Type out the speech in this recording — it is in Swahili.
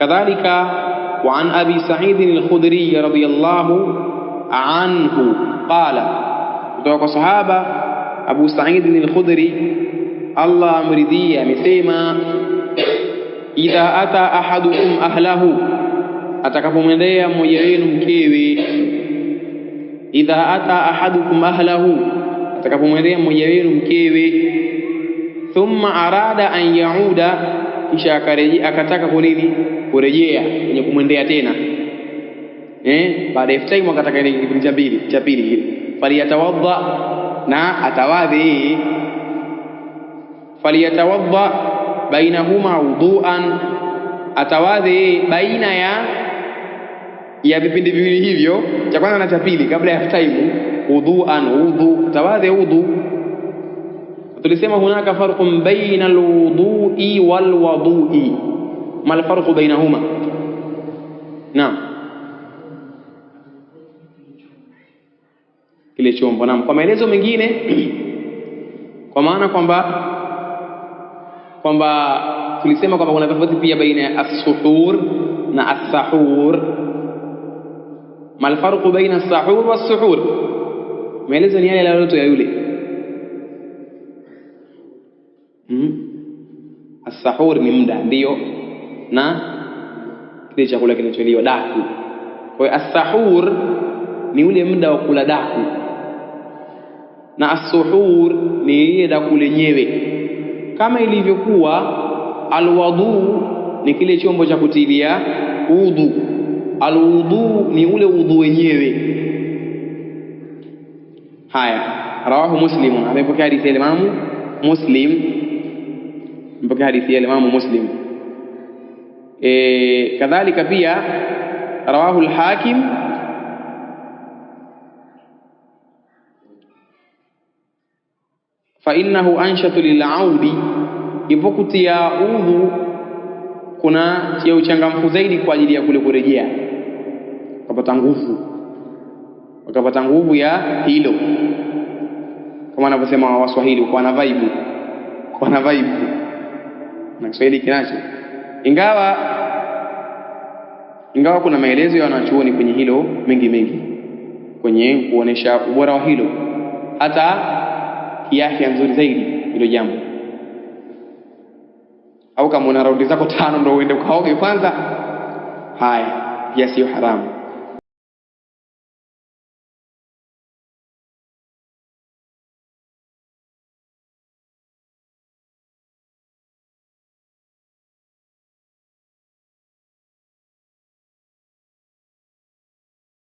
كذلك وعن أبي سعيد الخدري رضي الله عنه قال توقع صحابة أبو سعيد الخدري الله مريدية مثيما إذا أتى أحدكم أهله أتكفوا من ذي مجرين كيوي إذا أتى أحدكم أهله أتكفوا من ذي مجرين كيوي ثم أراد أن يعود إشاكري أكتكفوا لذي kurejea kwenye kumwendea tena eh, baada ya time akataka ile kipindi cha pili cha pili kile, faliyatawadda na atawadhi, faliyatawadda bainahuma wuduan, atawadhi baina ya ya vipindi viwili hivyo, cha kwanza na cha pili, kabla ya time, wuduan, wudu atawadhi wudu Tulisema hunaka farqun baina alwudui walwadui ma alfarqu bainahuma? Naam, kile chombo. Naam, kwa maelezo mengine, kwa maana kwamba kwamba tulisema kwamba kuna tofauti pia baina ya as na as-sahur. baina as-sahur Maelezo ni yale yalioto ya yule Mm. Asahur ni muda, ndiyo na kile chakula kinacholiwa daku. Kwa hiyo as ni ule muda wa kula daku na asuhur ni ile daku lenyewe, kama ilivyokuwa alwudhu ni kile chombo cha kutilia udhu. Alwudhu ni ule udhu wenyewe. Haya, rawahu muslimu amepokea hadithi ya Imamu Muslim, amepokea hadithi ya Imamu Muslim. E, kadhalika pia rawahu al-Hakim fa innahu anshatu lilaudi, ipo kutia udhu kuna tia uchangamfu zaidi kwa ajili ya kule kurejea, wakapata nguvu, wakapata nguvu ya hilo, kama wanavyosema Waswahili, kwa na vibe, kwa na vaibu na Kiswahili kinacho ingawa ingawa kuna maelezo ya wanachuoni kwenye hilo mengi mengi kwenye kuonesha ubora wa hilo, hata kiafya nzuri zaidi hilo jambo. Au kama una raundi zako tano ndo uende ukaoge kwanza, haya pia siyo haramu.